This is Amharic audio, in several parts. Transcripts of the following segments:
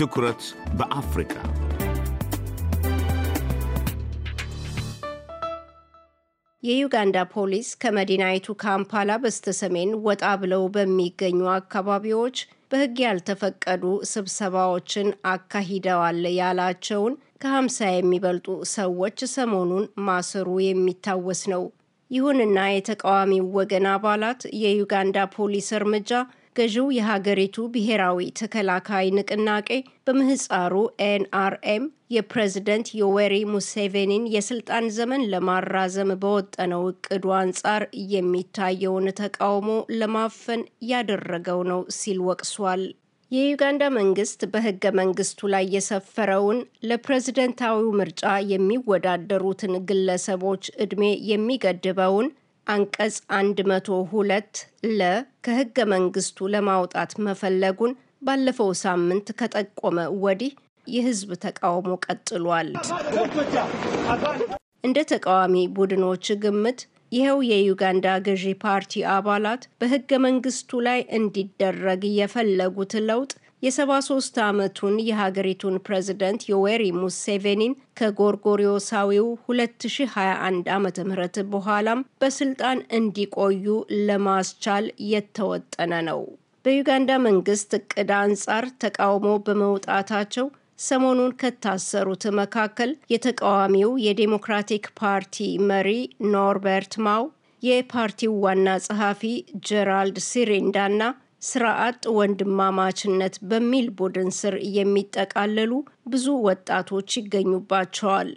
ትኩረት በአፍሪካ የዩጋንዳ ፖሊስ ከመዲናይቱ ካምፓላ በስተሰሜን ወጣ ብለው በሚገኙ አካባቢዎች በሕግ ያልተፈቀዱ ስብሰባዎችን አካሂደዋል ያላቸውን ከ50 የሚበልጡ ሰዎች ሰሞኑን ማሰሩ የሚታወስ ነው። ይሁንና የተቃዋሚው ወገን አባላት የዩጋንዳ ፖሊስ እርምጃ ገዢው የሀገሪቱ ብሔራዊ ተከላካይ ንቅናቄ በምህፃሩ ኤንአርኤም የፕሬዝደንት ዮዌሪ ሙሴቬኒን የስልጣን ዘመን ለማራዘም በወጠነው እቅዱ አንጻር የሚታየውን ተቃውሞ ለማፈን ያደረገው ነው ሲል ወቅሷል። የዩጋንዳ መንግስት በህገ መንግስቱ ላይ የሰፈረውን ለፕሬዝደንታዊው ምርጫ የሚወዳደሩትን ግለሰቦች ዕድሜ የሚገድበውን አንቀጽ 102 ለ ከህገ መንግስቱ ለማውጣት መፈለጉን ባለፈው ሳምንት ከጠቆመ ወዲህ የህዝብ ተቃውሞ ቀጥሏል። እንደ ተቃዋሚ ቡድኖች ግምት ይኸው የዩጋንዳ ገዢ ፓርቲ አባላት በህገ መንግስቱ ላይ እንዲደረግ የፈለጉት ለውጥ የ73 ዓመቱን የሀገሪቱን ፕሬዚደንት ዮዌሪ ሙሴቬኒን ከጎርጎሪዮሳዊው 2021 ዓ ም በኋላም በስልጣን እንዲቆዩ ለማስቻል የተወጠነ ነው። በዩጋንዳ መንግስት እቅድ አንጻር ተቃውሞ በመውጣታቸው ሰሞኑን ከታሰሩት መካከል የተቃዋሚው የዴሞክራቲክ ፓርቲ መሪ ኖርበርት ማው፣ የፓርቲው ዋና ጸሐፊ ጀራልድ ሲሪንዳ ና ወንድማ ወንድማማችነት በሚል ቡድን ስር የሚጠቃለሉ ብዙ ወጣቶች ይገኙባቸዋል።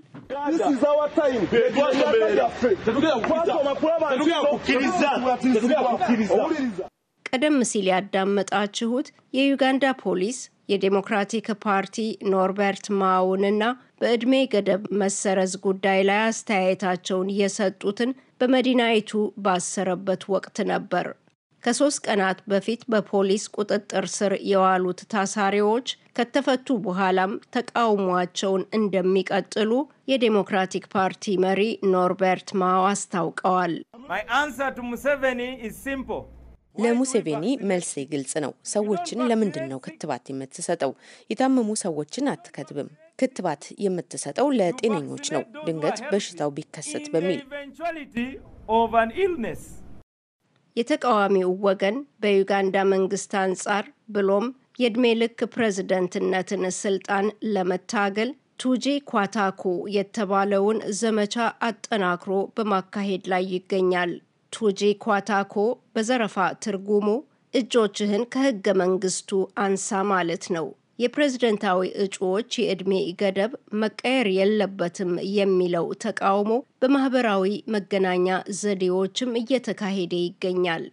ቀደም ሲል ያዳመጣችሁት የዩጋንዳ ፖሊስ የዴሞክራቲክ ፓርቲ ኖርበርት ማውንና በዕድሜ ገደብ መሰረዝ ጉዳይ ላይ አስተያየታቸውን የሰጡትን በመዲናይቱ ባሰረበት ወቅት ነበር። ከሶስት ቀናት በፊት በፖሊስ ቁጥጥር ስር የዋሉት ታሳሪዎች ከተፈቱ በኋላም ተቃውሟቸውን እንደሚቀጥሉ የዴሞክራቲክ ፓርቲ መሪ ኖርበርት ማው አስታውቀዋል። ለሙሴቬኒ መልሴ ግልጽ ነው። ሰዎችን ለምንድን ነው ክትባት የምትሰጠው? የታመሙ ሰዎችን አትከትብም። ክትባት የምትሰጠው ለጤነኞች ነው፣ ድንገት በሽታው ቢከሰት በሚል የተቃዋሚው ወገን በዩጋንዳ መንግስት አንጻር ብሎም የዕድሜ ልክ ፕሬዝደንትነትን ስልጣን ለመታገል ቱጂ ኳታኩ የተባለውን ዘመቻ አጠናክሮ በማካሄድ ላይ ይገኛል። ቱጂ ኳታኮ በዘረፋ ትርጉሙ እጆችህን ከህገ መንግስቱ አንሳ ማለት ነው። የፕሬዝደንታዊ እጩዎች የዕድሜ ገደብ መቀየር የለበትም የሚለው ተቃውሞ በማህበራዊ መገናኛ ዘዴዎችም እየተካሄደ ይገኛል።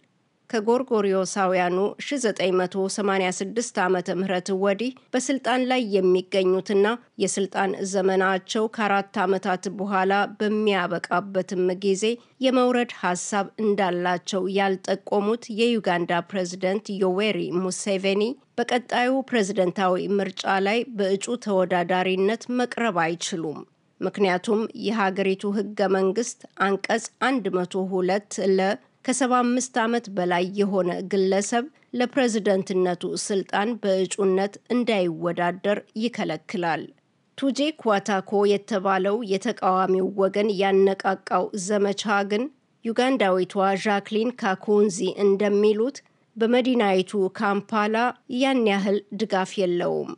ከጎርጎሪዮሳውያኑ 1986 ዓ ም ወዲህ በስልጣን ላይ የሚገኙትና የስልጣን ዘመናቸው ከአራት ዓመታት በኋላ በሚያበቃበትም ጊዜ የመውረድ ሀሳብ እንዳላቸው ያልጠቆሙት የዩጋንዳ ፕሬዝደንት ዮዌሪ ሙሴቬኒ በቀጣዩ ፕሬዝደንታዊ ምርጫ ላይ በእጩ ተወዳዳሪነት መቅረብ አይችሉም። ምክንያቱም የሀገሪቱ ህገ መንግስት አንቀጽ 102 ለ ከ75 ዓመት በላይ የሆነ ግለሰብ ለፕሬዝደንትነቱ ስልጣን በእጩነት እንዳይወዳደር ይከለክላል። ቱጄ ኳታኮ የተባለው የተቃዋሚው ወገን ያነቃቃው ዘመቻ ግን ዩጋንዳዊቷ ዣክሊን ካኩንዚ እንደሚሉት በመዲናይቱ ካምፓላ ያን ያህል ድጋፍ የለውም።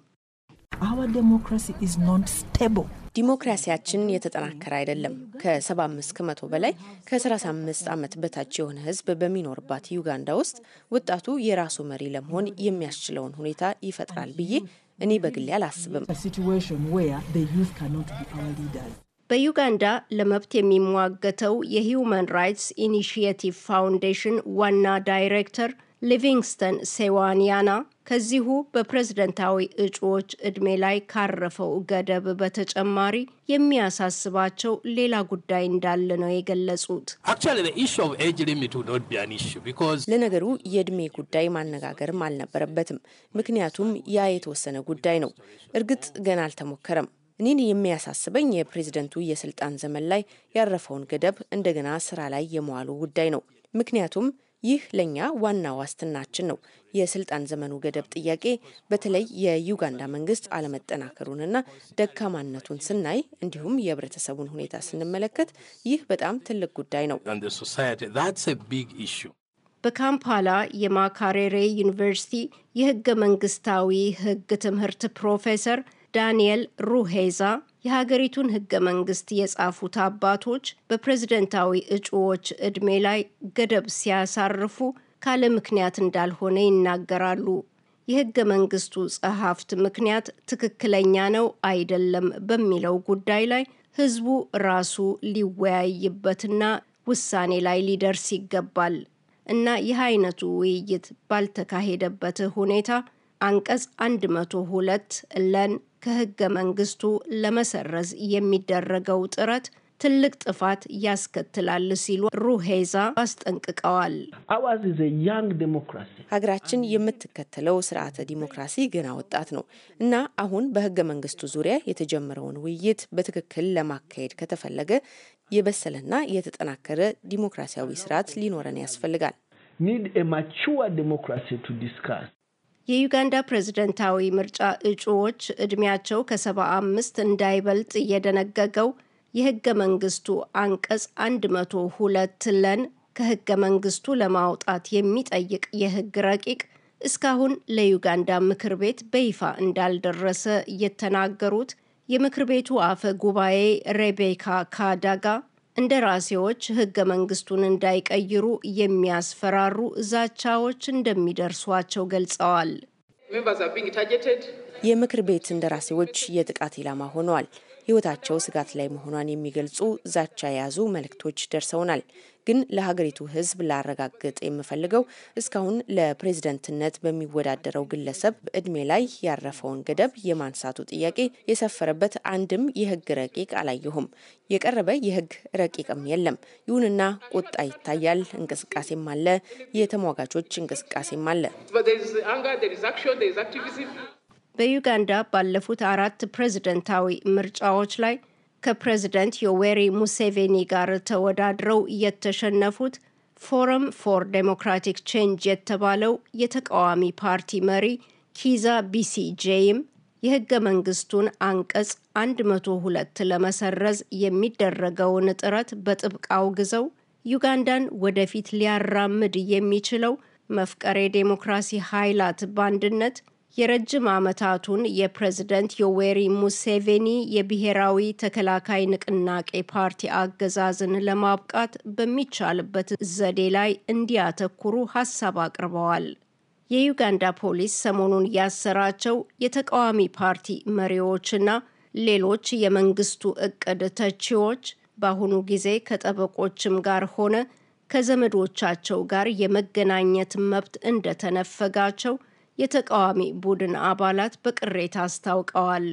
Our democracy is not stable. ዲሞክራሲያችን የተጠናከረ አይደለም። ከ75 ከመቶ በላይ ከ35 ዓመት በታች የሆነ ህዝብ በሚኖርባት ዩጋንዳ ውስጥ ወጣቱ የራሱ መሪ ለመሆን የሚያስችለውን ሁኔታ ይፈጥራል ብዬ እኔ በግሌ አላስብም። በዩጋንዳ ለመብት የሚሟገተው የሂዩማን ራይትስ ኢኒሺየቲቭ ፋውንዴሽን ዋና ዳይሬክተር ሊቪንግስተን ሴዋንያና ከዚሁ በፕሬዝደንታዊ እጩዎች ዕድሜ ላይ ካረፈው ገደብ በተጨማሪ የሚያሳስባቸው ሌላ ጉዳይ እንዳለ ነው የገለጹት። ለነገሩ የዕድሜ ጉዳይ ማነጋገርም አልነበረበትም፣ ምክንያቱም ያ የተወሰነ ጉዳይ ነው። እርግጥ ገና አልተሞከረም። እኔን የሚያሳስበኝ የፕሬዝደንቱ የስልጣን ዘመን ላይ ያረፈውን ገደብ እንደገና ስራ ላይ የመዋሉ ጉዳይ ነው። ምክንያቱም ይህ ለእኛ ዋና ዋስትናችን ነው። የስልጣን ዘመኑ ገደብ ጥያቄ በተለይ የዩጋንዳ መንግስት አለመጠናከሩንና ደካማነቱን ስናይ እንዲሁም የህብረተሰቡን ሁኔታ ስንመለከት ይህ በጣም ትልቅ ጉዳይ ነው። በካምፓላ የማካሬሬ ዩኒቨርሲቲ የህገ መንግስታዊ ህግ ትምህርት ፕሮፌሰር ዳንኤል ሩሄዛ የሀገሪቱን ህገ መንግስት የጻፉት አባቶች በፕሬዝደንታዊ እጩዎች ዕድሜ ላይ ገደብ ሲያሳርፉ ካለ ምክንያት እንዳልሆነ ይናገራሉ። የህገ መንግስቱ ጸሐፍት ምክንያት ትክክለኛ ነው አይደለም በሚለው ጉዳይ ላይ ህዝቡ ራሱ ሊወያይበትና ውሳኔ ላይ ሊደርስ ይገባል እና ይህ አይነቱ ውይይት ባልተካሄደበት ሁኔታ አንቀጽ 102 ለን ከህገ መንግስቱ ለመሰረዝ የሚደረገው ጥረት ትልቅ ጥፋት ያስከትላል ሲሉ ሩሄዛ አስጠንቅቀዋል። ሀገራችን የምትከተለው ስርዓተ ዲሞክራሲ ገና ወጣት ነው እና አሁን በህገ መንግስቱ ዙሪያ የተጀመረውን ውይይት በትክክል ለማካሄድ ከተፈለገ የበሰለና የተጠናከረ ዲሞክራሲያዊ ስርዓት ሊኖረን ያስፈልጋል። የዩጋንዳ ፕሬዝደንታዊ ምርጫ እጩዎች እድሜያቸው ከሰባ አምስት እንዳይበልጥ እየደነገገው የህገ መንግስቱ አንቀጽ 102 ለን ከህገ መንግስቱ ለማውጣት የሚጠይቅ የህግ ረቂቅ እስካሁን ለዩጋንዳ ምክር ቤት በይፋ እንዳልደረሰ የተናገሩት የምክር ቤቱ አፈ ጉባኤ ሬቤካ ካዳጋ እንደራሴዎች ህገ መንግስቱን እንዳይቀይሩ የሚያስፈራሩ ዛቻዎች እንደሚደርሷቸው ገልጸዋል። የምክር ቤት እንደራሴዎች የጥቃት ኢላማ ሆነዋል። ህይወታቸው ስጋት ላይ መሆኗን የሚገልጹ ዛቻ የያዙ መልእክቶች ደርሰውናል። ግን ለሀገሪቱ ህዝብ ላረጋግጥ የምፈልገው እስካሁን ለፕሬዝደንትነት በሚወዳደረው ግለሰብ እድሜ ላይ ያረፈውን ገደብ የማንሳቱ ጥያቄ የሰፈረበት አንድም የህግ ረቂቅ አላየሁም። የቀረበ የህግ ረቂቅም የለም። ይሁንና ቁጣ ይታያል። እንቅስቃሴም አለ። የተሟጋቾች እንቅስቃሴም አለ። በዩጋንዳ ባለፉት አራት ፕሬዝደንታዊ ምርጫዎች ላይ ከፕሬዝደንት ዮዌሪ ሙሴቬኒ ጋር ተወዳድረው የተሸነፉት ፎረም ፎር ዴሞክራቲክ ቼንጅ የተባለው የተቃዋሚ ፓርቲ መሪ ኪዛ ቢሲጄይም የህገ መንግስቱን አንቀጽ 102 ለመሰረዝ የሚደረገውን ጥረት በጥብቅ አውግዘው ዩጋንዳን ወደፊት ሊያራምድ የሚችለው መፍቀሬ ዴሞክራሲ ኃይላት በአንድነት የረጅም ዓመታቱን የፕሬዝደንት ዮዌሪ ሙሴቬኒ የብሔራዊ ተከላካይ ንቅናቄ ፓርቲ አገዛዝን ለማብቃት በሚቻልበት ዘዴ ላይ እንዲያተኩሩ ሀሳብ አቅርበዋል። የዩጋንዳ ፖሊስ ሰሞኑን ያሰራቸው የተቃዋሚ ፓርቲ መሪዎችና ሌሎች የመንግስቱ እቅድ ተቺዎች በአሁኑ ጊዜ ከጠበቆችም ጋር ሆነ ከዘመዶቻቸው ጋር የመገናኘት መብት እንደተነፈጋቸው የተቃዋሚ ቡድን አባላት በቅሬታ አስታውቀዋል።